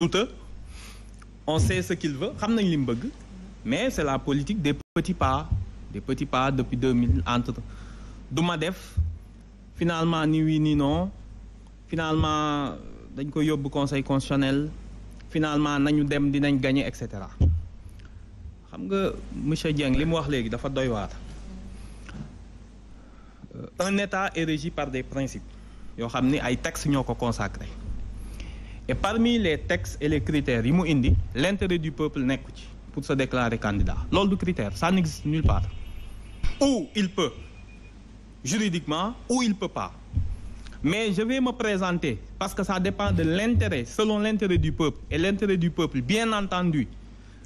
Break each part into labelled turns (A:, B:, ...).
A: douteux on sait ce qu'il veut xam nañ li bëgg mais c'est la politique des petits pas des petits pas depuis 2000 entre du ma def finalement ni oui ni non finalement dañ koy yóbbu conseil constitutionnel finalement nañu dem dinañ gañe et cetera xam nga monsieur Dieng li mu wax léegi dafa doy waar euh, un état est par des principes yoo xam ni ay textes ñoo ko consacré et parmi les textes et les critères yi mu indi l'intérêt du peuple nekku ci pour se déclarer candidat loolu du critère ça n'existe nulle part ou il peut juridiquement ou il peut pas mais je vais me présenter parce que ça dépend de l'intérêt selon l'intérêt du peuple et l'intérêt du peuple bien entendu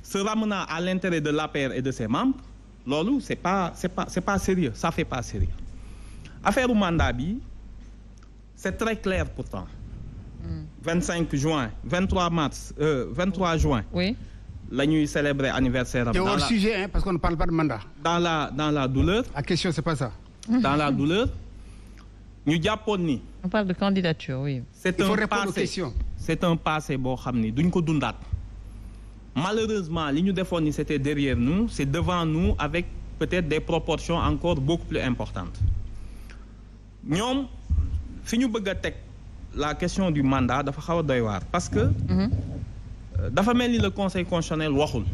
A: se ramenant à l'intérêt de l'APR et de ses membres loolu c'est pas c'est pas c'est pas sérieux ça fait pas sérieux affaire u mandat bi c'est très clair pourtant vingt cinq juin vingt trois mars euh, vingt la ñuy célébrer anniversaire am. dans hors la sujet hein, parce qu'on ne parle la dans la douleur. la question c'est pas ça. dans ñu jàppoon ni. on parle de candidature oui. c'est un passé boo xam ni duñ ko dundaat. malheureusement li ñu defoon ni c'était derrière nous c'est devant nous avec peut-être des proportions encore beaucoup plus importantes ñu bëgg a teg. la question du mandat dafa xaw a doy waar parce que mhm. euh, dafa mel ni le conseil constitutionnel waxul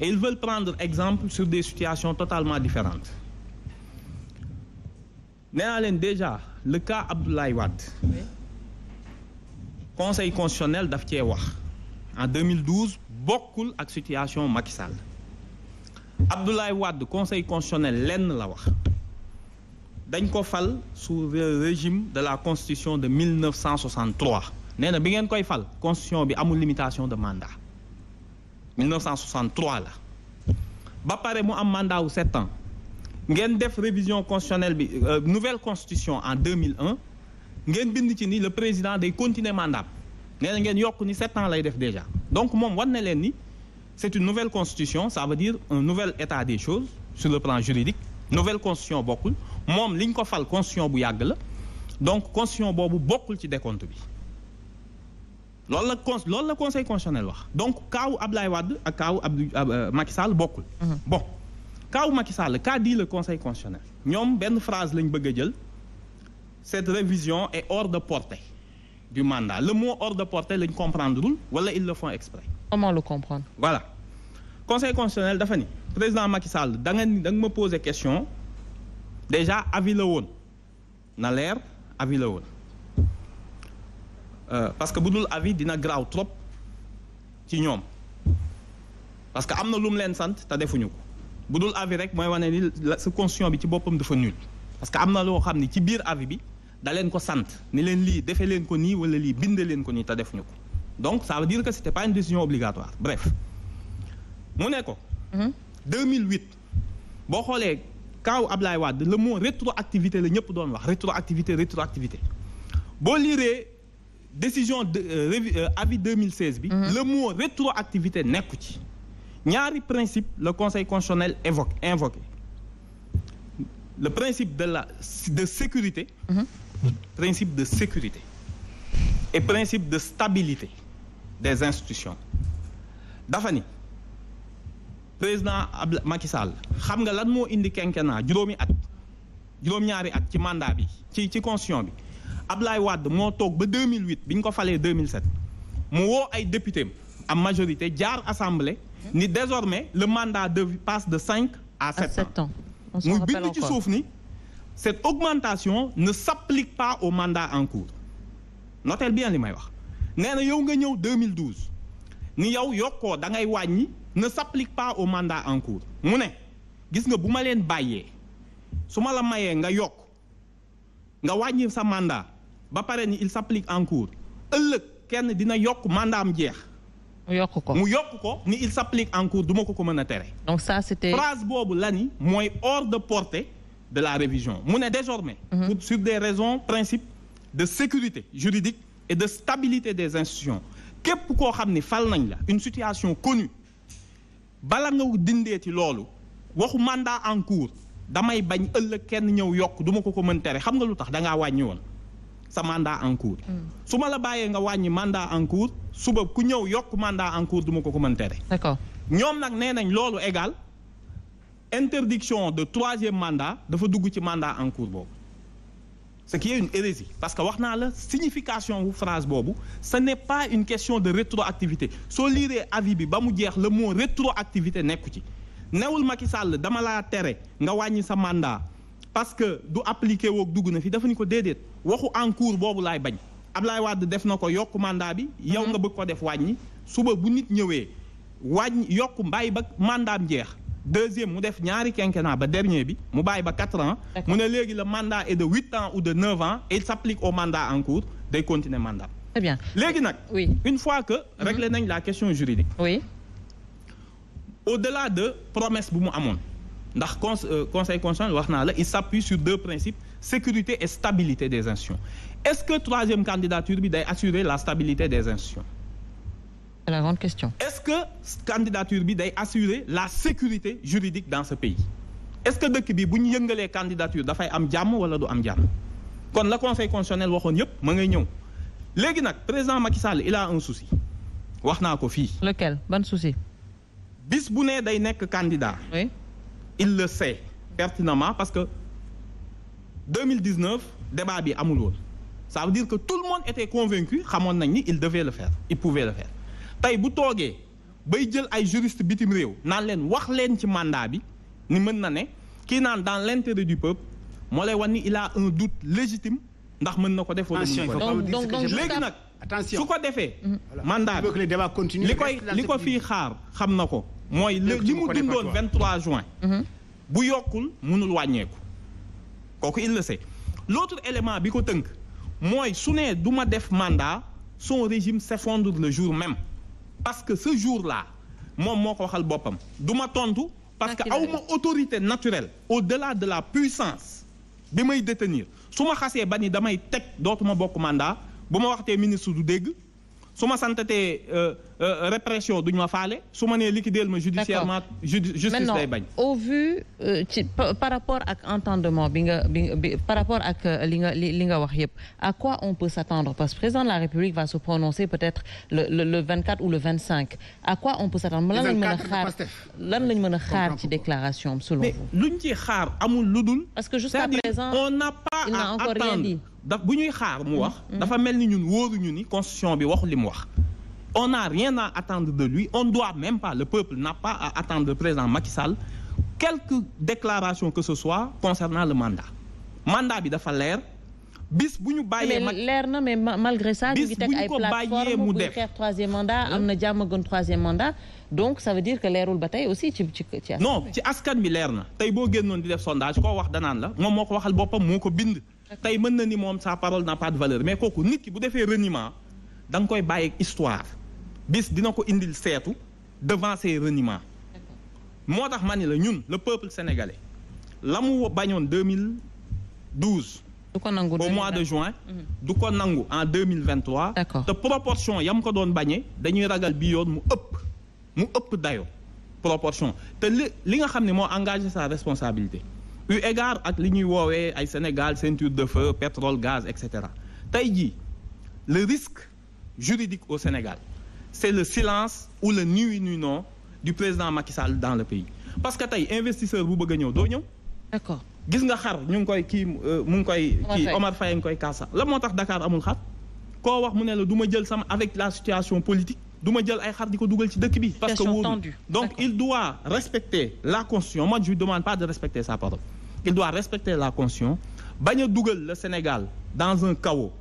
A: et ils veulent prendre exemple sur des situations totalement différentes nee naa leen déjà le cas Abdoulaye Wade conseil constitutionnel daf cee wax en 2012 bokkul ak situation Macky Sall Abdoulaye Wade conseil constitutionnel lenn la wax dañ ko fal sous le régime de la constitution de 1963 nee na bi ngeen koy fal constitution bi amul limitation de mandat 1963 la ba pare mu am mandat wu sept ans ngeen def révision constitutionnelle bi euh, nouvelle constitution en 2001 ngeen bind ci ni le président day continuer mandat nee na ngeen yokk ni sept ans lay def déjà donc moom war na leen ni c'est une nouvelle constitution ça veut dire un nouvel état des choses sur le plan juridique nouvelle constitution bokkul moom li liñ ko fal constitution bu yàgg la donc constitution boobu bokkul ci déconte bi loolu la con loolu la conseil constitutionnel wax donc kaawu Ablaye Wade ak kaawu Abdou euh, Macky Sall bokkul. Mhm. bon kaawu Macky Sall qu'a dit le conseil constitutionnel ñoom benn phrase lañ bëgg a jël cette révision est hors de portée du mandat le moo hors de portée lañ comprendrewul wala ils le font exprès. comment le comprendre. voilà conseil constitutionnel dafa ni président Macky Sall da nga ni da nga ma poser question. déjà avis la woon na leer avis la woon euh, parce que bu dul avis dina graaw trop ci ñoom parce que am na lu mu leen sant te defuñu ko bu dul avis rek mooy wane ni sa constitution bi ci boppam dafa nul parce que am na loo xam ni ci biir avis bi da leen ko sant ni leen lii defee leen ko nii wala lii binde leen ko nii te defuñu ko donc ça veut dire que c'était pas une décision obligatoire bref mu ne ko 2008 mhm. boo xoolee kaaw Ablaye Wade le mot rétroactivité la ñëpp doon wax rétroactivité rétroactivité boo liiree décision de euh, euh avis 2016 bi. Mm -hmm. le mot rétroactivité nekku ci. ñaari principe le conseil constitutionnel évoque invoqué le principe de la de sécurité. Mm principe de sécurité. et principe de stabilité des institutions dafa ni. président ab Macky xam nga lan moo indi quinquennat juróomi at juróom-ñaari at ci mandat bi ci ci constitution bi ab Ablaye Wade moo toog ba 2008 bi ñu ko falee 2007 mu woo ay député am majorité jaar assemblée ni désormais le mandat de passe de cinq à sept ans mu bind ci suuf ni cette augmentation ne s'applique pas au mandat en cours noteel bien li may wax nee na yow nga ñëw 2012 ni yow yokkoo da ngay wàññi ne s'applique pas au mandat en cours mu ne gis nga bu ma leen bàyyee su ma la mayee nga yokk nga wàññi sa mandat ba pare ni il s'applique en cours ëllëg kenn dina yokk mandam jeex. mu yokk ko mu yokk ko ni il s'applique en cours du ma ko ko mën a tere. donc ça c'était phrase boobu la ni mooy hors de porté de la révision mu ne désormais. Mm-hmm. pour sur des raisons principe de sécurité juridique et de stabilité des institutions képp koo xam ni fal nañ la une situation connue. bala nga dindeeti loolu waxu mandat en damay bañ ëllëg kenn ñëw yokk duma ko ko mën tere xam nga lu tax dangaa wàññi woon sa mandat en mm. su ma la bàyyee nga wàññi mandat en suba ku ñëw yokk mandat en cours duma ko ko mën tere. ñoom nag nee nañ loolu égal interdiction de troisième mandat dafa dugg ci mandat en boobu. ce qui est une hérésie parce que wax naa la signification wu phrase boobu sa n'est pas une question de rétroactivité soo liiree avis bi ba mu jeex le mot rétroactivité nekku ci newul Macky Sall dama laa tere nga wàññi sa mandat parce que du appliqué woog dugg na fi dafa ni ko déedéet waxu en boobu laay bañ Ablaye Wade def na ko yokk mandat bi yow mhm. nga bëgg ko def wàññi suba bu nit ñëwee wàññi yokk mbàyyi ba mandat jeex deuxième mu def ñaari quinquennat ba dernier bi mu bàyyi ba quatre ans mu ne léegi le mandat est de huit ans ou de neuf ans et il s'applique au mandat en cours day continuer mandat très bien léegi nag une fois que mhm. réglé nañ la question juridique oui au-delà de promesse bu mu amoon ndax euh, conseil constitutionnel wax naa la il s'appuie sur deux principes sécurité et stabilité des institutions est-ce que troisième candidature bi day assurer la stabilité des institutions C'est la question. Est-ce que candidature bi day assurer la sécurité juridique dans ce pays est-ce que dëkk bi bu ñu yëngalee candidature dafay am jàmm wala du am jàmm kon la conseil constitutionnel waxoon yëpp ma ngay ñëw léegi nag président Macky Sall il a un souci wax naa ko fii. lequel ban souci. bis bu nee day nekk candidat. oui il le sait pertinemment parce que 2019 débat bi amul woon ça veut dire que tout le monde était convaincu xamoon nañ ni il devait le faire il pouvait le faire. tey bu toogee bay jël ay juriste bitim réew naan leen wax leen ci mandat bi ni mën na ne kii naan dans l'intérêt du peuple moo lay wan ni il a un doute légitime ndax mën na ko def wala mën nag su ko defee mandat bi li koy li ko fii xaar xam na ko mooy li mu dundoon 23 juin mm-hmm. bu yokkul mënul wàññeeku kooku il le sait élément bi ko tënk mooy su ne du ma def mandat son régime s'effondre le jour même parce que ce jour-là moom moo ko waxal boppam du ma tontu. parce que aw autorité naturelle. au-delà de la puissance bi may détenir su ma xasee ba ni damay teg dootuma bokk mandat bu ma waxtee ministre du dégg. su ma santatee euh, euh, répression duñ ma faale su ma nee liquideel ma judiciairement justice day bañ au vu euh, par rapport ak entendement bi nga bi par rapport ak li nga li nga wax yëpp à quoi on peut s'attendre parce que président la république va se prononcer peut-être le le 24 ou le 25 à quoi on peut s'attendre lan lañ mën a xaar lan lañ mën a xaar ci déclaration selon vous mais luñ ci xaar amul ludul parce que jusqu'à présent on n'a pas à attendre daf bu ñuy xaar mu wax. Mm-hmm. dafa mel ni ñun wóoruñu ni constitution bi waxu li mu wax. on n'a rien à attendre de lui on doit même pas le peuple n'a pas à attendre le président Macky Sall quelque déclaration que ce soit concernant le mandat mandat bi dafa leer bis bu ñu bàyyee. mais leer na mais malgré ça. bis bu ñu ko bàyyee mu def teg ay plateformes buy xeex troisième mandat am na jàmm gën troisième mandat donc ça veut dire que leerul ba tey aussi ci askan bi leer na tey boo génnoon di def sondage koo wax danaan la moom moo ko waxal boppam moo ko bind. tey mën na ni moom sa parole n'a pas de valeur mais kooku nit ki bu defee reniment da nga koy bàyyi histoire bis dina ko indil seetu devant ses reniements moo tax ma ni la ñun le peuple sénégalais la mu bañoon 2012 du ko nangu au mois de juin. Mhm. du ko nangu en deux mille vingt trois. te proportion yam ko doon bañee dañuy ragal bi yoon mu ëpp mu ëpp dayo proportion te li li nga xam ne moo engagé sa responsabilité. eu égard ak li ñuy woowee ay Sénégal ceinture de feu pétrole gaz et cetera tey jii le risque juridique au Sénégal c'est le silence ou le ni oui ni non du président Macky dans le pays parce que tey investisseur bu bëgg a ñëw doo ñëw. d'accord gis nga xar ñu ngi koy kii euh, mu ngi koy. kii Omar Faye ngi koy kaasa la moo tax Dakar amul xar koo wax mu ne la du ma jël sama avec la situation politique. du ma jël ay xar di ko dugal ci dëkk bi. parce que wóorul donc il doit respecter la constitution moi demande pas de respecter il doit respecter la constitution bañ a dugal la Sénégal dans un chaos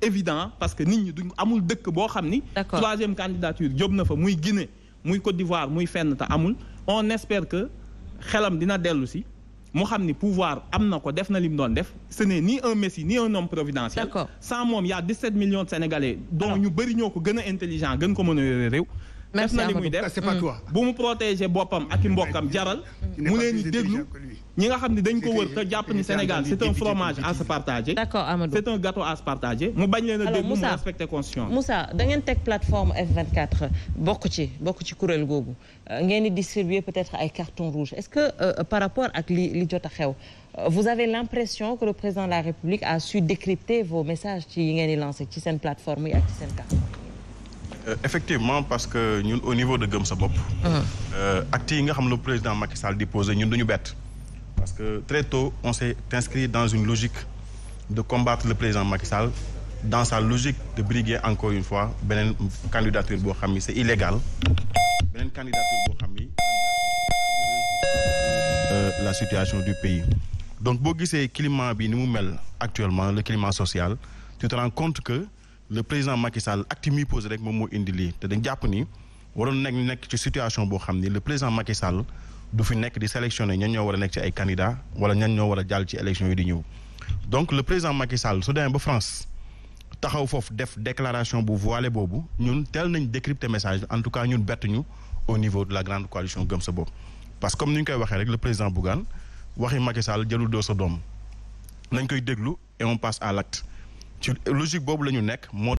A: évident parce que nit ñi duñ amul dëkk boo xam ni. troisième candidature jóg na fa muy Guinée muy Côte d'Ivoire muy fenn ta amul on espère que xelam dina dellu si. mu xam ni pouvoir am na ko def na lim doon def ce n'est ni un messie ni un homme providentiel. d'accord sans moom y a 17 millions de sénégalais. dont ñu bëri ñoo ko gën a intelligent gën ko mën a yore réew. def na li muy def mm. bu mu protéger boppam ak i jaral. ñi nga xam ne dañ ko wër te jàpp ni Sénégal c'est un fromage à se partager. d'accord Amadou c'est un gâteau à se partager. mu bañ leen a dégg mu respecter constitution Moussa da ngeen teg plateforme F24 bokk ci bokk ci kuréel googu euh, ngeen di distribuer peut-être ay carton rouge est-ce que euh, euh, par rapport ak li li jot a xew vous avez l'impression que le président de la République a su décrypter vos messages ci yi ngeen di lancer ci seen plateforme yi ak ci seen carton.
B: effectivement parce que ñun au niveau de Gëm sa bopp. actes yi nga xam ne président Macky Sall di posé ñun duñu bett. Parce que très tôt, on s'est inscrit dans une logique de combattre le président Macky Sall, dans sa logique de briguer encore une fois beneen candidature boo xam ni c'est illégal beneen candidature boo xam ni euh, la situation du pays. donc boo gisee climat bi ni mu mel actuellement le climat social tu te compte que le président Macky Sall acte mi posé rek moom moo indi lii te dañ jàpp ni waroon nekk nekk ci situation boo xam ni le président Macky Sall. du fi nekk di sélectionner ñan ñoo war a nekk ci ay candidats wala ñan ñoo war jàll ci élection yi di ñëw donc le président Macky Sall su demee ba France taxaw foofu def déclaration bu voilé boobu ñun teel nañ décrypter message en tout cas ñun bett ñu au niveau de la grande coalition gëm sa bopp. parce que comme ni ñu koy waxee rek le président Bougane waxi Macky Sall doo sa doom nañ koy déglu et on passe à l'acte ci logique boobu la ñu nekk moo